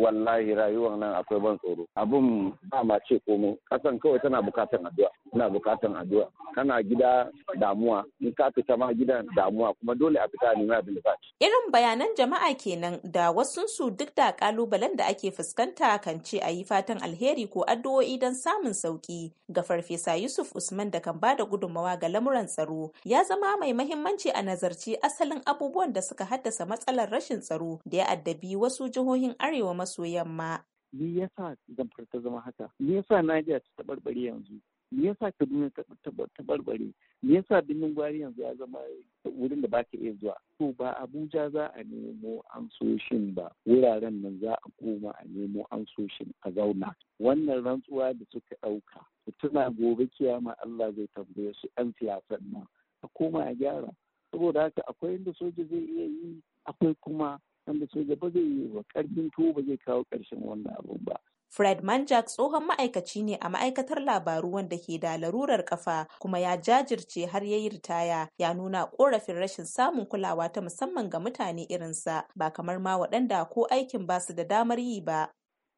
wallahi rayuwar nan akwai ban tsoro Abin ba ma ce komo kasan kawai tana bukatan addu'a tana bukatan addu'a kana gida damuwa in ka fita ma gidan damuwa kuma dole a fita nemi abin da irin bayanan jama'a kenan da wasu su duk da kalubalen da ake fuskanta kan ce a yi fatan alheri ko addu'o'i don samun sauki ga farfesa Yusuf Usman da kan bada gudummawa ga lamuran tsaro ya zama mai mahimmanci a nazarci asalin abubuwan da suka haddasa matsalar rashin tsaro da ya addabi wasu jihohin arewa maso maso yamma. ya yasa zamfar ta zama haka? Me yasa Najeriya ta taɓarɓare yanzu? Me yasa Kaduna ta taɓarɓare? Me sa birnin gwari yanzu ya zama wurin da ba ka iya zuwa? To ba Abuja za a nemo amsoshin ba, wuraren nan za a koma a nemo amsoshin a zauna. Wannan rantsuwa da suka ɗauka, tuna gobe kiyama Allah zai tambaye su 'yan siyasan nan. A koma a gyara. Saboda haka akwai inda soja zai iya yi akwai kuma wanda soja ba zai yi wa karfin tuwo zai kawo karshen wannan abun ba. Fred Manjak tsohon ma'aikaci ne a ma'aikatar labaru wanda ke da larurar kafa kuma ya jajirce har ya yi ritaya ya nuna korafin rashin samun kulawa ta musamman ga mutane irin sa ba kamar ma waɗanda ko aikin ba su da damar yi ba.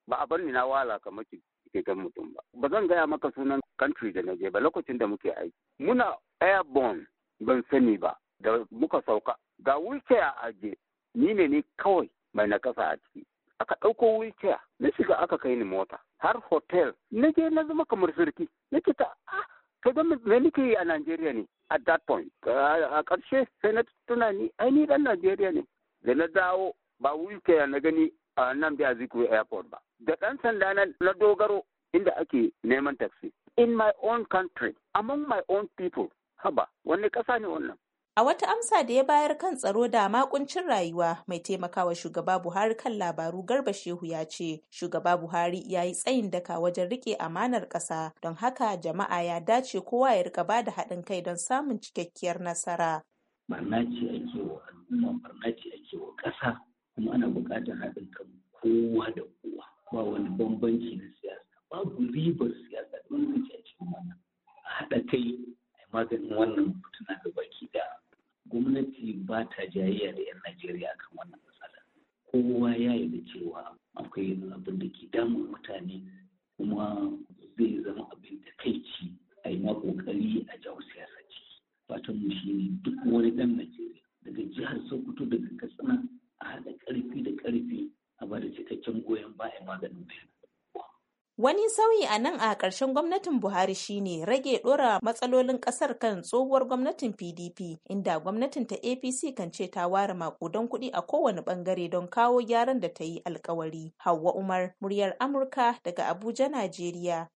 Ba a bar ni na wala kamar kan mutum ba. Ba zan gaya maka sunan country da na je ba lokacin da muke aiki. Muna airborne ban sani ba da muka sauka ga wuce a aje ni ne ni kawai mai na kasa a ciki aka ɗauko wheelchair na shiga aka kai ni mota har hotel na je na zama kamar sarki nake ta ah to ga me nake yi a Najeriya ne at that point a ƙarshe sai na tuna ni ai ni dan Najeriya ne da na dawo ba wheelchair na gani a nan da Aziku airport ba da ɗan sanda na dogaro inda ake neman taxi in my own country among my own people haba wani ƙasa ne wannan A wata amsa da ya bayar kan tsaro da makuncin rayuwa, mai taimakawa shugaba Buhari kan labaru Garba Shehu ya ce, shugaba Buhari ya yi tsayin daka wajen rike amanar ƙasa, don haka jama'a ya dace kowa ya rika ba da haɗin kai don samun cikakkiyar nasara. Barna ce ake wa al'umma, barna ce ake wa ƙasa, kuma ana buƙatar haɗin kan kowa da kowa. Ba wani bambanci na siyasa, babu ribar siyasa da wani a cikin wannan. A haɗa kai, a maganin wannan fitina da gwamnati ba ta jayayya da 'yan Najeriya kan wannan matsala. Kowa ya yi da cewa akwai abin da ke damun mutane kuma zai zama abin da kai ci a yi ma kokari a jawo siyasa ciki. Fatan mu shi ne duk wani ɗan Najeriya daga jihar Sokoto daga Katsina a haɗa ƙarfi da ƙarfi a ba da cikakken goyon bayan maganin bayan. Wani sauyi a nan a ƙarshen gwamnatin Buhari shine rage ɗora matsalolin ƙasar kan tsohuwar gwamnatin PDP, inda gwamnatin ta APC kan ce ta ware maƙudan kuɗi a kowane ɓangare don kawo gyaran da ta yi alkawari. Hauwa Umar, muryar Amurka daga Abuja, Najeriya.